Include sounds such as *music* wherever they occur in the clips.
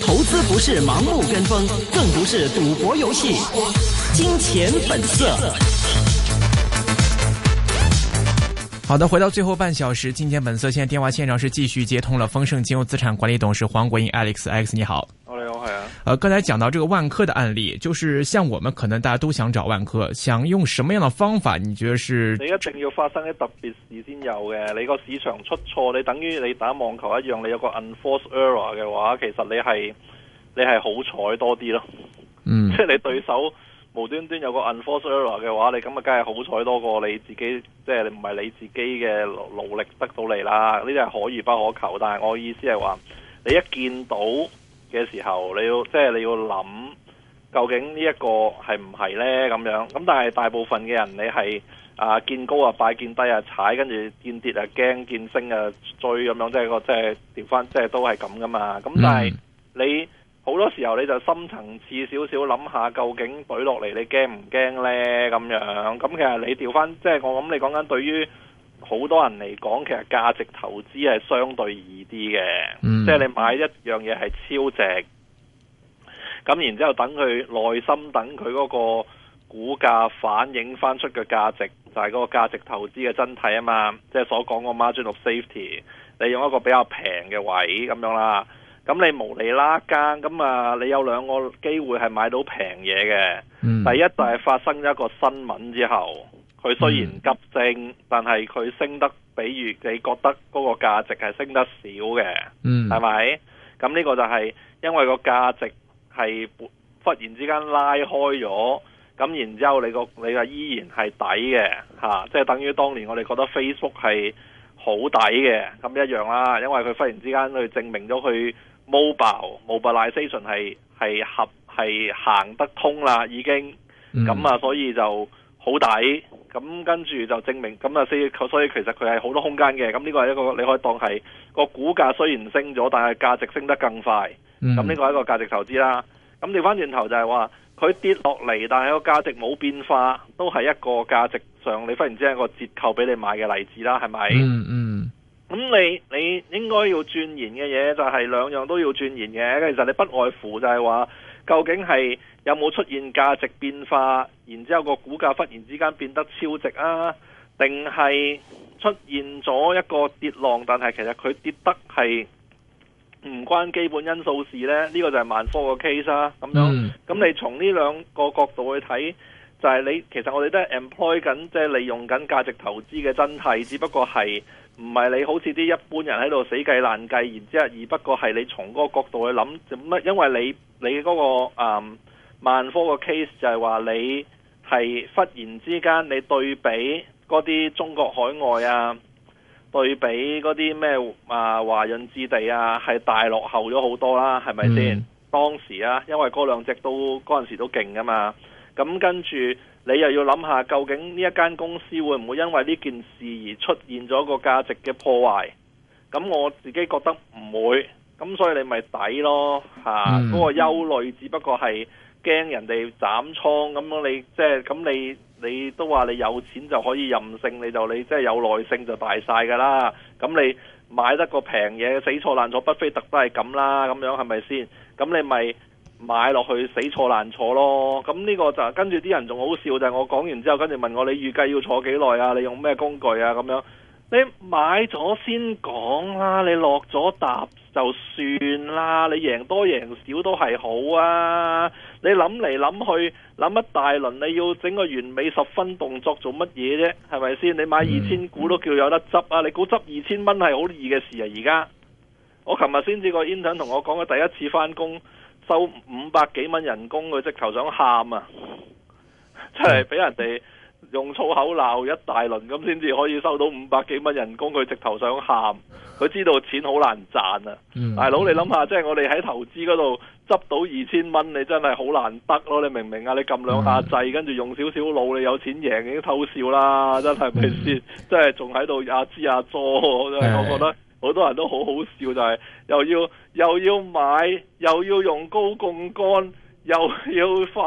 投資不是盲目跟風，更不是賭博遊戲。金錢本色。好的，回到最後半小時，金錢本色現在電話線上是繼續接通了。豐盛金融資產管理董事黃國英 Alex，Alex，Alex，你好。好呃，剛才講到這個萬科的案例，就是像我們可能大家都想找萬科，想用什麼樣的方法？你覺得是？你一定要發生一特別事先有嘅，你個市場出錯，你等於你打網球一樣，你有個 unforce error 嘅話，其實你係你係好彩多啲咯。嗯，即係 *laughs* 你對手無端端有個 unforce error 嘅話，你咁啊，梗係好彩多過你自己，即係你唔係你自己嘅努力得到你啦。呢啲係可遇不可求，但係我意思係話，你一見到。嘅時候，你要即係你要諗究竟呢一個係唔係呢？咁樣咁，但係大部分嘅人你係啊、呃、見高啊拜，見低啊踩，跟住見跌啊驚，見升啊追咁樣，即係個即係調翻，即係都係咁噶嘛。咁但係、mm. 你好多時候你就深層次少少諗下，究竟舉落嚟你驚唔驚呢？咁樣咁其實你調翻即係我諗你講緊對於。好多人嚟講，其實價值投資係相對易啲嘅，嗯、即係你買一樣嘢係超值，咁然之後等佢耐心等佢嗰個股價反映翻出嘅價值，就係、是、嗰個價值投資嘅真諦啊嘛！即係所講個 margin of safety，你用一個比較平嘅位咁樣啦，咁你無利拉更，咁啊你有兩個機會係買到平嘢嘅。嗯、第一就係發生咗一個新聞之後。佢雖然急升，嗯、但係佢升得，比如你覺得嗰個價值係升得少嘅，係咪、嗯？咁呢個就係因為個價值係忽然之間拉開咗，咁然之後你個你話依然係抵嘅，即、啊、係、就係、等於當年我哋覺得 Facebook 係好抵嘅，咁一樣啦，因為佢忽然之間去證明咗佢 mobile mobilization 係係合係行得通啦，已經，咁、嗯、啊，所以就好抵。咁跟住就證明，咁啊所以所以其實佢係好多空間嘅。咁呢個係一個你可以當係個股價雖然升咗，但係價值升得更快。咁呢、嗯、個係一個價值投資啦。咁調翻轉頭就係話，佢跌落嚟，但係個價值冇變化，都係一個價值上你忽然之間一個折扣俾你買嘅例子啦，係咪、嗯？嗯嗯。咁你你應該要鑽研嘅嘢就係兩樣都要鑽研嘅。其實你不外乎就係話。究竟係有冇出現價值變化，然之後個股價忽然之間變得超值啊？定係出現咗一個跌浪，但係其實佢跌得係唔關基本因素事呢？呢、呢個就係萬科嘅個 case 啊！咁樣，咁你從呢兩個角度去睇，就係、是、你其實我哋都係 employ 緊，即、就、係、是、利用緊價值投資嘅真諦，只不過係。唔係你好似啲一般人喺度死計爛計，然之後，而不過係你從嗰個角度去諗，乜？因為你你嗰個嗯萬科個 case 就係話你係忽然之間你對比嗰啲中國海外啊，對比嗰啲咩啊華潤置地啊，係大落後咗好多啦，係咪先？嗯、當時啊，因為嗰兩隻都嗰陣時都勁噶嘛，咁跟住。你又要諗下，究竟呢一間公司會唔會因為呢件事而出現咗個價值嘅破壞？咁我自己覺得唔會，咁所以你咪抵咯嚇。嗰、嗯啊嗰個憂慮只不過係驚人哋斬倉，咁樣你即係咁你你都話你有錢就可以任性，你就你即係、就是、有耐性就大曬㗎啦。咁你買得個平嘢，死錯爛錯不非特都係咁啦。咁樣係咪先？咁你咪。買落去死坐難坐咯，咁呢個就跟住啲人仲好笑，就係我講完之後，跟住問我你預計要坐幾耐啊？你用咩工具啊？咁樣你買咗先講啦，你落咗搭就算啦，你贏多贏少都係好啊！你諗嚟諗去諗一大輪，你要整個完美十分動作做乜嘢啫？係咪先？你買二千股都叫有得執啊？你估執二千蚊係好易嘅事啊！而家我琴日先至個 intern 同我講嘅第一次返工。收五百幾蚊人工，佢直頭想喊啊！即係俾人哋用粗口鬧一大輪，咁先至可以收到五百幾蚊人工，佢直頭想喊。佢知道錢好難賺啊！嗯、大佬，你諗下，即係我哋喺投資嗰度執到二千蚊，你真係好難得咯！你明唔明啊？你撳兩下掣，跟住、嗯、用少少腦，你有錢贏已經偷笑啦！真係咪先？嗯、即係仲喺度阿支阿佐，的我覺得。好多人都好好笑，就係、是、又要又要買，又要用高槓桿，又要快，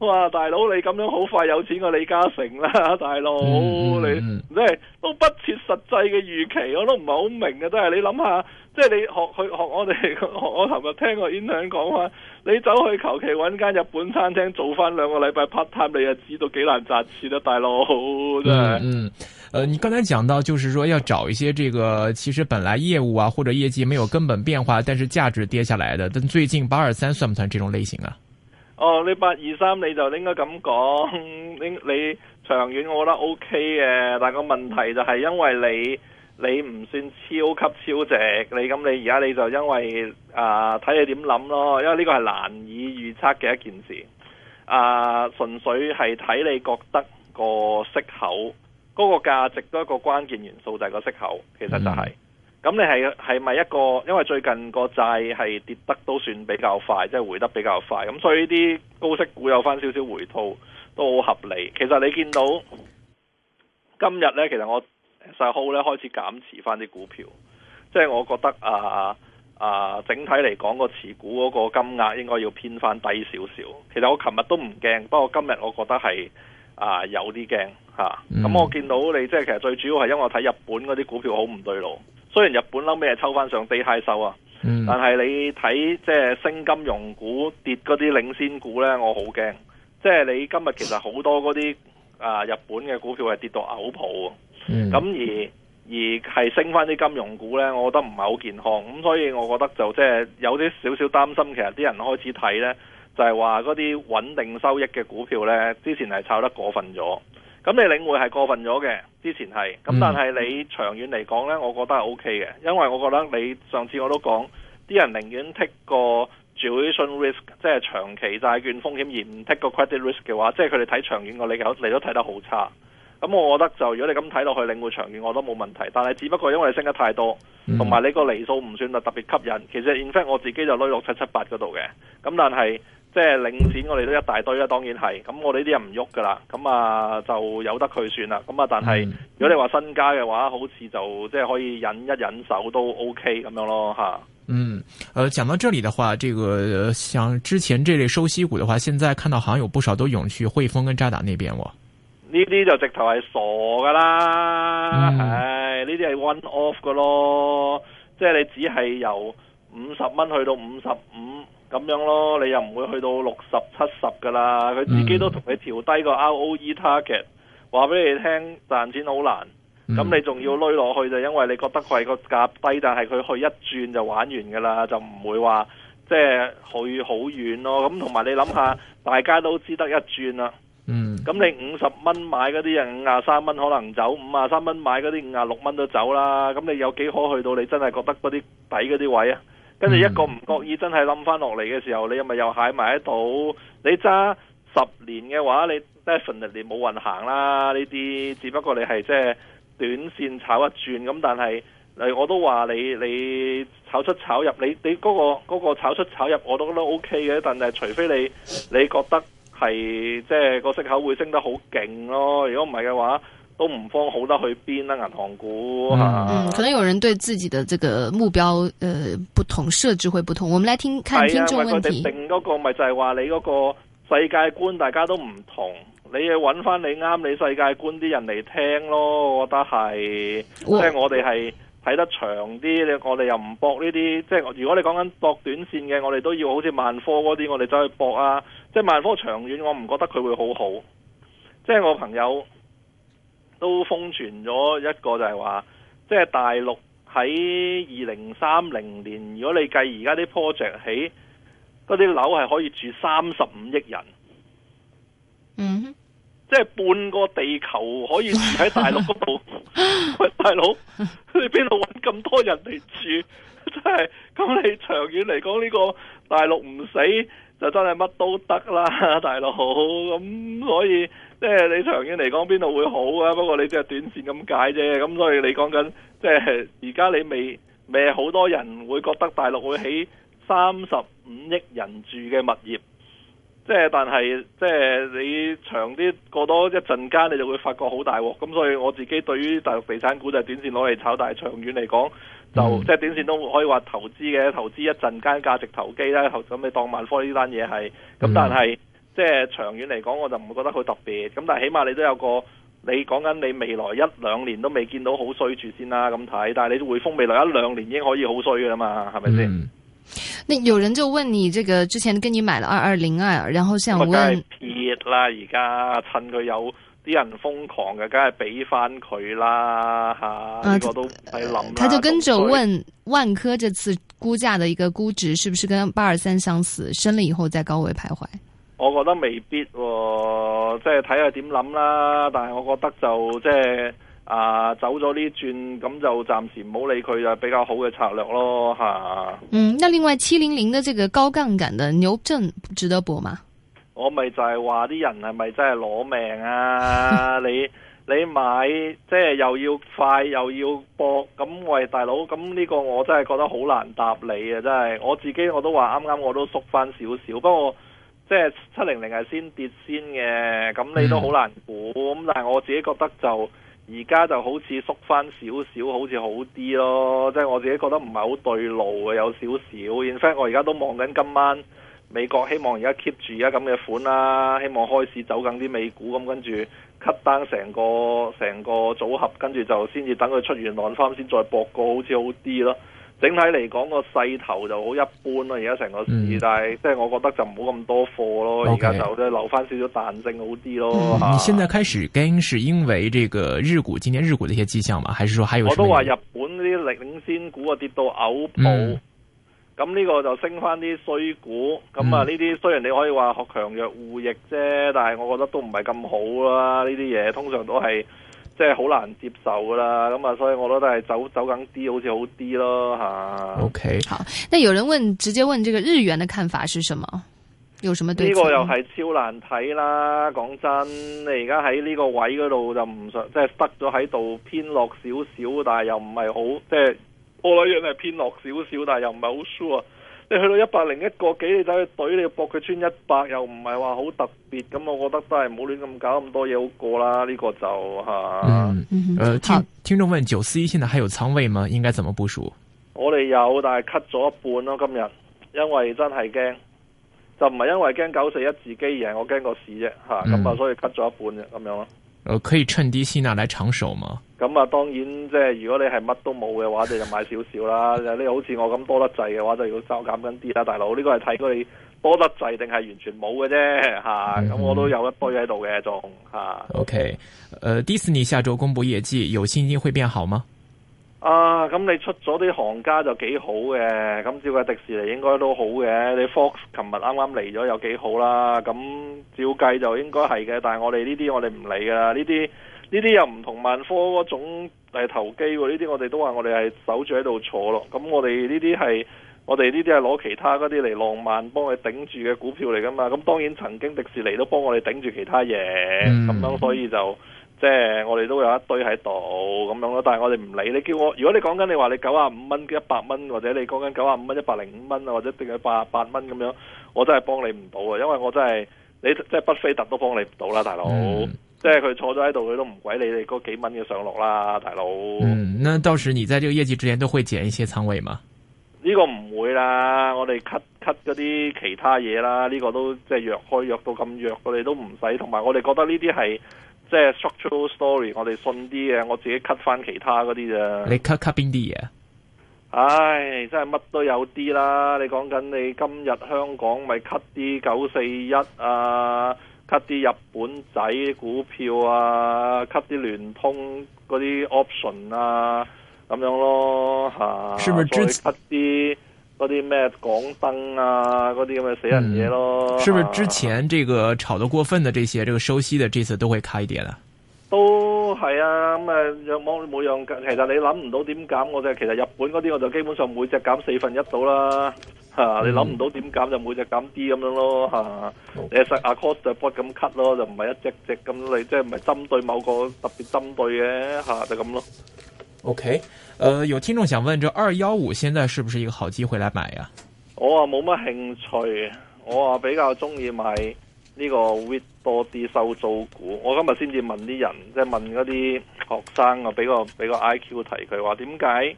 哇！大佬你咁樣好快有錢過李嘉誠啦，大佬，嗯，你即係、嗯，都不切實際嘅預期，我都唔係好明啊！都係你諗下，即、就、係、是、你學去學我哋，學我琴日聽個演講講話，你走去求其搵間日本餐廳做翻兩個禮拜 part time，你就知道幾難賺錢啊！大佬真係。嗯嗯呃，你剛才講到，就是說要找一些這個，其實本來業務啊或者業績沒有根本變化，但是價值跌下來的。但最近八二三算唔算這種類型啊？哦，你八二三你就應該咁講，你你長遠我覺得 OK 嘅，但個問題就係因為你你唔算超級超值，你咁你而家你就因為啊睇、呃、你點諗咯，因為呢個係難以預測嘅一件事，啊、呃、純粹係睇你覺得個息口。嗰個價值都係一個關鍵元素，就係個息口，其實就係、是。咁、嗯、你係咪一個？因為最近個債係跌得都算比較快，即係回得比較快。咁所以啲高息股有翻少少回吐都好合理。其實你見到今日呢，其實我細號咧開始減持翻啲股票，即、就、係、是、我覺得啊啊，整體嚟講個持股嗰個金額應該要偏翻低少少。其實我琴日都唔驚，不過今日我覺得係啊有啲驚。咁、啊、我見到你即係、嗯、其實最主要係因為我睇日本嗰啲股票好唔對路。雖然日本嗰咩抽翻上低嗨收啊，嗯、但係你睇即係升金融股跌嗰啲領先股呢，我好驚。即、就、係、是、你今日其實好多嗰啲啊日本嘅股票係跌到嘔泡啊，咁、嗯、而而係升翻啲金融股呢，我覺得唔係好健康。咁所以我覺得就即係、就是、有啲少少擔心，其實啲人開始睇呢，就係話嗰啲穩定收益嘅股票呢，之前係炒得過分咗。咁你領匯係過分咗嘅，之前係，咁但係你長遠嚟講呢，我覺得係 OK 嘅，因為我覺得你上次我都講，啲人寧願剔個 duration risk，即係長期債券風險而唔剔個 credit risk 嘅話，即係佢哋睇長遠個你你都睇得好差。咁我覺得就如果你咁睇落去領匯長遠我都冇問題，但係只不過因為你升得太多，同埋你個離數唔算係特別吸引。其實 in fact 我自己就攞六七七八嗰度嘅，咁但係。即係領錢，我哋都一大堆啦，當然係。咁我哋呢啲人唔喐噶啦，咁啊就有得佢算啦。咁啊，但係如果你話身家嘅話，好似就即係可以忍一忍手都 OK 咁樣咯，吓。嗯，誒、嗯，講到這裡的話，這個像之前這類收息股的話，現在看到好像有不少都湧去匯豐跟渣打那邊，喎。呢啲就直頭係傻噶啦，唉、嗯，呢啲係 one off 噶咯，即係你只係由五十蚊去到五十五。咁樣咯，你又唔會去到六十七十噶啦，佢自己都同你調低個 ROE target，話俾你聽賺錢好難。咁、嗯、你仲要攞落去就，因為你覺得佢係個價低，但係佢去一轉就玩完噶啦，就唔會話即係去好遠咯。咁同埋你諗下，大家都知得一轉啦。咁、嗯、你五十蚊買嗰啲人，五廿三蚊可能走；五廿三蚊買嗰啲五廿六蚊都走啦。咁你有幾可去到？你真係覺得嗰啲底嗰啲位啊？跟住、嗯、一個唔覺意真係冧翻落嚟嘅時候，你又咪又踩埋喺度。你揸十年嘅話，你 definitely 冇運行啦。呢啲只不過你係即係短線炒一轉咁，但係我都話你你炒出炒入，你你嗰個嗰個炒出炒入我都覺得 OK 嘅，但係除非你你覺得係即係個息口會升得好勁咯，如果唔係嘅話。都唔方好得去邊啦、啊，銀行股、嗯啊、可能有人對自己嘅這個目標，誒、呃，不同設置會不同。我們來聽，看、啊、聽眾問題。定嗰個咪就係話你嗰個世界觀，大家都唔同。你去揾翻你啱你世界觀啲人嚟聽咯。我覺得係，即係哇我哋係睇得長啲。我哋又唔搏呢啲。即係如果你講緊搏短線嘅，我哋都要好似萬科嗰啲，我哋走去搏啊。即係萬科長遠，我唔覺得佢會好好。即係我朋友。都封存咗一個就係話，即係大陸喺二零三零年，如果你計而家啲 project 起，嗰啲樓係可以住三十五億人。嗯哼，即係半個地球可以住喺大陸嗰度。 *laughs* 喂，大佬，你邊度揾咁多人嚟住？真係，咁你長遠嚟講，呢個大陸唔死就真係乜都得啦，大佬。咁所以。即係你長遠嚟講邊度會好啊？不過你只係短線咁解啫，咁所以你講緊即係而家你未未好多人會覺得大陸會起三十五億人住嘅物業，即係但係即係你長啲過多一陣間你就會發覺好大鑊。咁所以我自己對於大陸地產股就係短線攞嚟炒，但係長遠嚟講就即係、嗯、短線都可以話投資嘅，投資一陣間價值投機啦，咁你當萬科呢單嘢係咁，但係。嗯即係長遠嚟講，我就唔會覺得佢特別咁，但係起碼你都有個你講緊你未來一兩年都未見到好衰住先啦，啊。咁睇，但係你匯豐未來一兩年已經可以好衰噶啦嘛，係咪先？嗯嗯，有人就問你，這個之前跟你買了二二零二，然後想問，撇啦，而家趁佢有啲人瘋狂嘅，梗係俾翻佢啦吓。嗯、啊，我、啊、都係諗。他就跟住問萬科這次估價的一個估值，是不是跟八二三相似？升了以後再高位徘徊。我覺得未必、哦，即係睇下點諗啦。但係我覺得就即係、就是、啊，走咗呢轉咁就暫時唔好理佢就是、比較好嘅策略咯，吓，嗯，那另外七零零的這個高槓桿的牛證值得搏嗎？我咪就係話啲人係咪真係攞命啊？ *laughs* 你你買即係、就是、又要快又要搏。咁，喂大佬，咁呢個我真係覺得好難答你啊！真係我自己我都話啱啱我都縮翻少少，不過。即係七零零係先跌先嘅，咁你都好難估。咁、嗯、但係我自己覺得就而家就好似縮翻少少，好似好啲咯。即係我自己覺得唔係好對路，有少少。In fact，我而家都望緊今晚美國，希望而家 keep 住而家咁嘅款啦，希望開始走緊啲美股，咁跟住 cut 單成個成個組合，跟住就先至等佢出完浪翻，先再博個好似好啲咯。整體嚟講個勢頭就好一般咯，而家成個市，但係即係我覺得就唔好咁多貨咯，而家、嗯、就即係留翻少少彈性好啲咯。嗯啊、你現在開始驚是因為這個日股，今年日股的一些跡象嘛，還是說還有什麼？我都話日本啲領先股啊跌到嘔吐，咁呢、嗯、個就升翻啲衰股，咁啊呢啲雖然你可以話強弱互易啫，但係我覺得都唔係咁好啦，呢啲嘢通常都係。即係好難接受啦，咁啊，所以我覺得係走走緊啲，好似好啲咯吓。O Okay . K，好，但有人問，直接問這個日元的看法是什麼？有什麼對？呢個又係超難睇啦。講真，你而家喺呢個位嗰度就唔想，即係塞咗喺度偏落少少，但係又唔係好即係，我諗樣係偏落少少，但係又唔係好輸啊。你去到一百零一個幾，你走去懟你要搏佢穿一百，又唔係話好特別，咁我覺得都係唔好亂咁搞咁多嘢好過啦。呢、這個就吓，啊、嗯，誒、嗯呃，聽聽眾問九四一現在還有倉位嗎？應該怎麼部署？我哋有，但係 cut 咗一半咯。今日因為真係驚，就唔係因為驚九四一自己嘢，我驚個市啫吓，咁啊，嗯、所以 cut 咗一半啫，咁樣咯。誒、呃，可以趁低吸納嚟長手嗎？咁啊、嗯，當然即係如果你係乜都冇嘅話，你就買少少啦。 *laughs* 你好似我咁多得滯嘅話，就要收減緊啲啦。大佬，呢、這個係睇佢多得滯定係完全冇嘅啫吓。咁、啊、我都有一堆喺度嘅仲吓。OK，呃，Disney 下周公布業績，有信心會變好嗎？啊，咁你出咗啲行家就幾好嘅，咁照計迪士尼應該都好嘅，你 Fox 琴日啱啱嚟咗又幾好啦，咁照計就應該係嘅，但係我哋呢啲我哋唔嚟噶啦，呢啲呢啲又唔同萬科嗰種係投機，呢啲我哋都話我哋係守住喺度坐咯，咁我哋呢啲係我哋呢啲係攞其他嗰啲嚟浪漫幫佢頂住嘅股票嚟噶嘛，咁當然曾經迪士尼都幫我哋頂住其他嘢，咁、嗯、樣所以就。即係我哋都有一堆喺度咁樣咯，但係我哋唔理你叫我。如果你講緊你話你九十五蚊、一百蚊，或者你講緊九十五蚊、一百零五蚊啊，或者定係八八蚊咁樣，我真係幫你唔到啊！因為我真係你即係巴菲特都幫你唔到啦，大佬。即係佢坐咗喺度，佢都唔鬼你哋嗰幾蚊嘅上落啦，大佬。嗯，那到時你在這個業績之前都會減一些倉位嗎？呢個唔會啦，我哋 cut cut 嗰啲其他嘢啦，呢個都即係弱開弱到咁弱，我哋都唔使。同埋我哋覺得呢啲係。即係 structural story，我哋信啲嘅，我自己 cut 翻其他嗰啲咋。你 cut cut 邊啲嘢？唉，真係乜都有啲啦。你講緊你今日香港咪 cut 啲九四一啊，cut 啲日本仔股票啊，cut 啲聯通嗰啲 option 啊，咁樣咯吓。係咪專 cut 啲。嗰啲咩港燈啊，嗰啲咁嘅死人嘢咯。嗯、係咪之前這個炒得過分嘅？呢些，啊、這個收息嘅，這次都會卡一碟啊？都係啊，咁誒，有冇每樣？其實你諗唔到點減我，我哋其實日本嗰啲我就基本上每隻減四分一到啦，吓、嗯、你諗唔到點減就每隻減啲咁樣咯，吓、嗯。其實 across the board 咁 cut 咯，就唔係一隻隻咁你，即係唔係針對某個特別針對嘅吓、啊，就咁咯。Okay，呃，有聽眾想問，這二幺五現在是不是一個好機會來買呀？我啊冇乜興趣，我啊比較中意買呢個 REIT 多啲收租股。我今日先至問啲人，即係問嗰啲學生啊，俾個俾個 I Q 題佢話點解？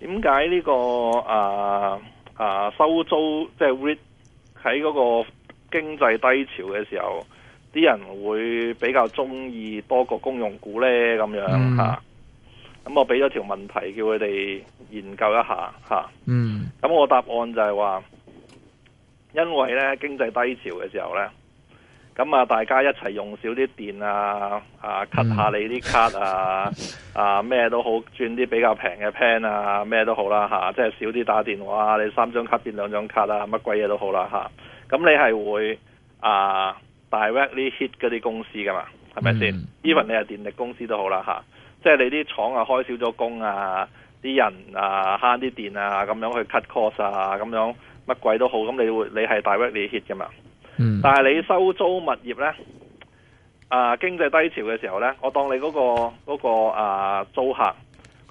點解呢個、呃、啊啊收租即係 REIT 喺嗰個經濟低潮嘅時候，啲人會比較中意多個公用股呢？咁樣吓？咁我俾咗條問題叫佢哋研究一下吓，咁、嗯、我答案就係話，因為呢經濟低潮嘅時候呢咁啊大家一齊用少啲電啊，啊 cut 下你啲卡啊，嗯、啊咩都好，轉啲比較平嘅 plan 啊，咩都好啦吓、啊，即係少啲打電話，你三張卡變兩張卡呀、啊，乜鬼嘢都好啦吓，咁、啊、你係會啊 directly hit 嗰啲公司噶嘛，係咪先？even 你係電力公司都好啦吓。啊即係你啲廠啊，開少咗工啊，啲人啊慳啲電啊，咁樣去 cut cost 啊，咁樣乜鬼都好，咁你會你係 directly hit 嘅嘛。嗯、但係你收租物業呢，啊經濟低潮嘅時候呢，我當你嗰個嗰個啊租客，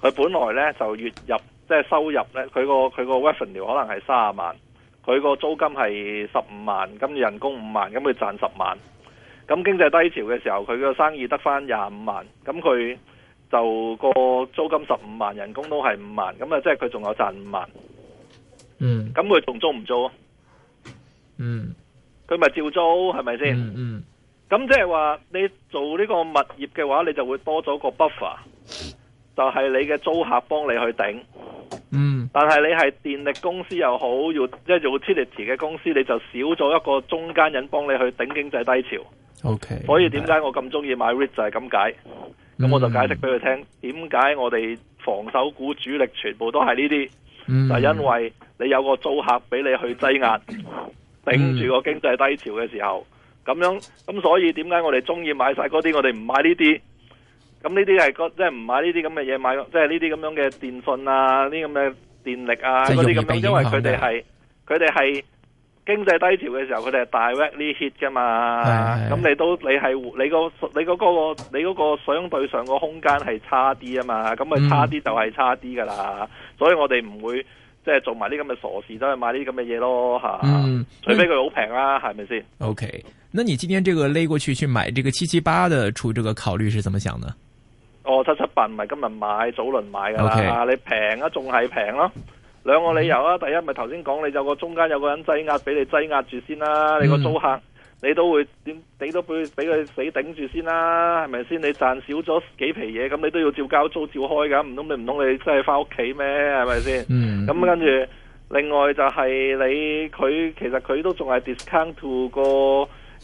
佢本來呢就月入即係收入呢，佢個佢個 revenue 可能係三十萬，佢個租金係十五萬，咁人工五萬，咁佢賺十萬。咁經濟低潮嘅時候，佢個生意得返廿五萬，咁佢。就個租金十五萬，人工都係五萬，咁啊，即係佢仲有賺五萬。嗯，咁佢仲租唔租啊？嗯，佢咪照租係咪先？嗯，咁即係話你做呢個物業嘅話，你就會多咗個 buffer，就係你嘅租客幫你去頂。嗯，但係你係電力公司又好，要、嗯、即係做 utility 嘅公司，你就少咗一個中間人幫你去頂經濟低潮。OK，所以點解我咁中意買 REIT 就係咁解。咁、嗯、我就解釋俾佢聽，點解我哋防守股主力全部都係呢啲，嗯、就係因為你有個租客俾你去擠壓，頂住個經濟低潮嘅時候，咁、嗯、樣咁所以點解我哋中意買晒嗰啲，我哋唔買呢啲，咁呢啲係即係唔買呢啲咁嘅嘢，買即係呢啲咁樣嘅電訊啊，呢咁嘅電力啊嗰啲咁樣，因為佢哋係佢哋係，經濟低潮嘅時候，佢哋係 directly hit 噶嘛，咁是、嗯、你都你係你個你嗰個你嗰個，個相對上個空間係差啲啊嘛，咁咪差啲就係差啲噶啦，嗯、所以我哋唔會即係、就是、做埋啲咁嘅傻事，走去買啲咁嘅嘢咯吓，除非佢好平啦，係咪先？OK，那你今天這個勒過去去買這個七七八的，出於這個考慮是怎麼想呢？哦，七七八唔係今日買，早輪買噶啦，Okay. 你平啊，仲係平咯。兩個理由啊，第一咪頭先講，你有個中間有個人擠壓俾你擠壓住先啦、啊，你個租客你都會點你都俾俾佢死頂住先啦、啊，係咪先？你賺少咗幾皮嘢，咁你都要照交租照開噶，唔通你唔通你真係翻屋企咩？係咪先？咁、嗯、跟住，另外就係你佢其實佢都仲係 discount to 個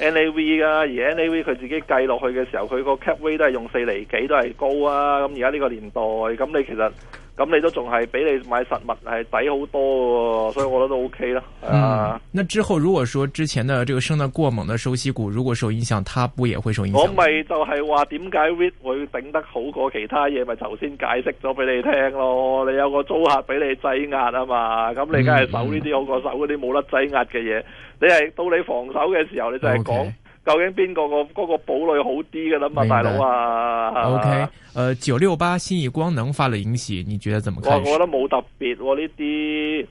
NAV 噶，而 NAV 佢自己計落去嘅時候，佢個 cap rate 都係用四厘幾都係高啊，咁而家呢個年代，咁你其實。咁你都仲係俾你買實物係抵好多，所以我覺得都 OK 啦。啊、嗯，吧那之後如果說之前的這個升得過猛的收息股，如果受影響，它不也會受影響？我咪就係話點解 REIT 會頂得好過其他嘢，咪頭先解釋咗俾你聽咯。你有個租客俾你擠壓啊嘛，咁你梗係守呢啲好過守嗰啲冇得擠壓嘅嘢。嗯、你係到你防守嘅時候，哦、你就係講。Okay. 究竟邊個、那個嗰、那個堡壘好啲嘅啦嘛，白大佬啊？OK，誒、呃，九六八信義光能發了盈喜，你覺得怎麼開始、哦？我覺得冇特別喎、哦，呢啲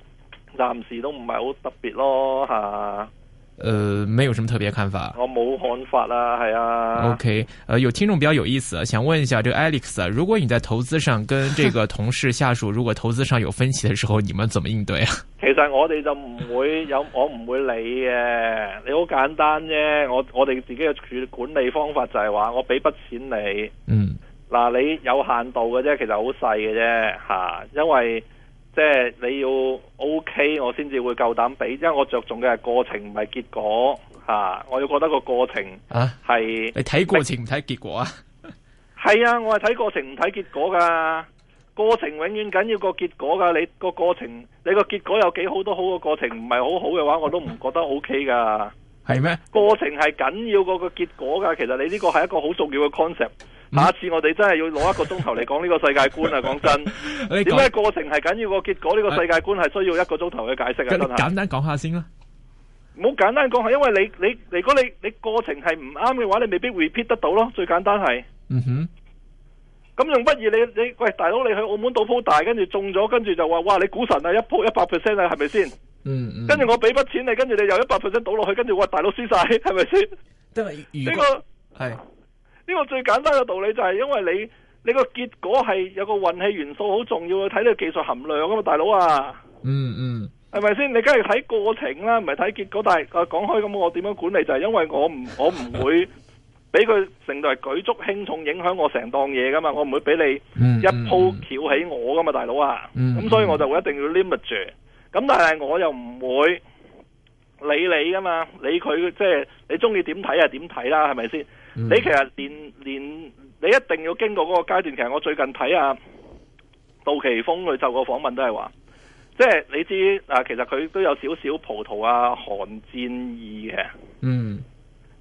暫時都唔係好特別咯，吓、啊。呃，沒有什麼特別看法。我冇看法啦，係啊。OK，呃，有聽眾比較有意思，想問一下，這個 Alex 啊，如果你在投資上跟這個同事下屬，如果投資上有分歧的時候， *laughs* 你們怎麼應對啊？其實我哋就唔會有，我唔會理嘅。你好簡單啫，我我哋自己嘅管管理方法就係話，我俾筆錢你。嗯。嗱，你有限度嘅啫，其實好細嘅啫，吓，因為。即係你要 OK，我先至會夠膽俾，因為我着重嘅係過程，唔係結果吓、啊。我要覺得個過程係啊，係你睇過程唔睇結果啊？係啊，我係睇過程唔睇結果噶。過程永遠緊要過結果噶。你個過程，你個結果有幾好都好，個過程唔係好好嘅話，我都唔覺得 OK 噶。係咩？過程係緊要過個結果噶。其實你呢個係一個好重要嘅 concept。嗯、下次我哋真係要攞一個鐘頭嚟講呢個世界觀啊！講 *laughs* 真，點解 *laughs* 說過程係緊要個結果？呢個世界觀係需要一個鐘頭嘅解釋啊！真係的簡單講下先啦，唔好簡單講係，因為你你如果你你過程係唔啱嘅話，你未必 repeat 得到咯。最簡單係，嗯哼，咁仲不如你你喂，大佬你去澳門賭鋪大，跟住中咗，跟住就話哇你股神啊，一鋪一百 percent 啊，係咪先？跟住、嗯嗯、我俾筆錢你，跟住你又一百 percent 倒落去，跟住我大佬輸晒，係咪先？即係如果係。這個呢個最簡單嘅道理就係，因為你你個結果係有個運氣元素好重要，去睇你技術含量噶嘛，大佬啊，嗯嗯，係咪先？你梗係睇過程啦，唔係睇結果。但係、啊、講開咁，我點樣管理就係、是、因為我唔我唔會俾佢成台舉足輕重影響我成檔嘢噶嘛，我唔會俾你一鋪翹起我噶嘛，大佬啊，咁、嗯嗯嗯、所以我就會一定要 limit 住。咁但係我又唔會理你噶嘛，理佢即係你中意點睇啊點睇啦，係咪先？你其實連連，你一定要經過嗰個階段。其實我最近睇啊杜琪峰佢就個訪問都係話，即係你知，其實佢都有少少《葡萄》啊《寒戰二》嘅。嗯。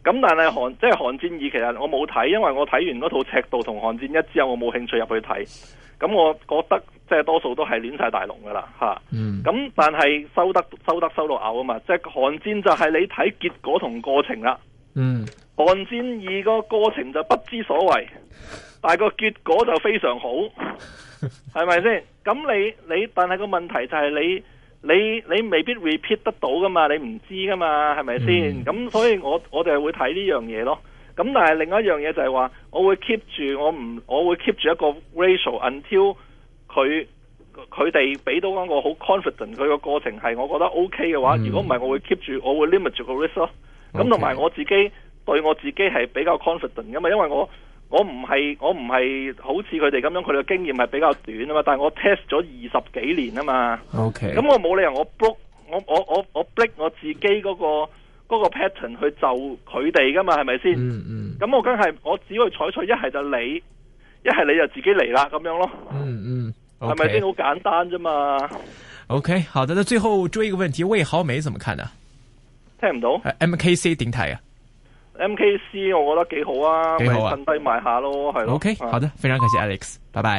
咁但係寒即係《寒戰二》，其實我冇睇，因為我睇完嗰套《赤道》同《寒戰一》之後，我冇興趣入去睇。咁我覺得即係多數都係亂晒大龍噶啦，吓。嗯。咁但係收，收得收得收到嘔啊嘛！即係《寒戰》就係你睇結果同過程啦。嗯。《寒戰二》個過程就不知所謂，但係個結果就非常好，係咪先？咁你你，但係個問題就係你你你未必 repeat 得到噶嘛，你唔知噶嘛，係咪先？咁、嗯、所以我我哋會睇呢樣嘢咯。咁但係另外一樣嘢就係話，我會 keep 住我唔我會 keep 住一個 racial until 佢佢哋俾到一個好 confident 佢個過程係我覺得 OK 嘅話，如果唔係我會 keep 住我會 limit 住個 risk 咯。咁同埋我自己。對我自己係比較 confident 噶嘛，因為我我唔係我唔係好似佢哋咁樣，佢哋嘅經驗係比較短啊嘛，但係我 test 咗二十幾年啊嘛。OK，咁我冇理由我 block 我我我我 break 我自己嗰個嗰個 pattern 去就佢哋噶嘛，係咪先？嗯嗯。咁我梗係我只會採取一係就你，一係你就自己嚟啦咁樣咯。嗯嗯，係咪先好簡單啫嘛？OK，好的，那最後追一個問題，魏好美怎麼看啊？聽唔到？MKC 點睇啊！M K C 我覺得幾好啊，咪瞓低埋下咯，係咯。OK，嗯，好的，非常感謝 Alex，拜拜。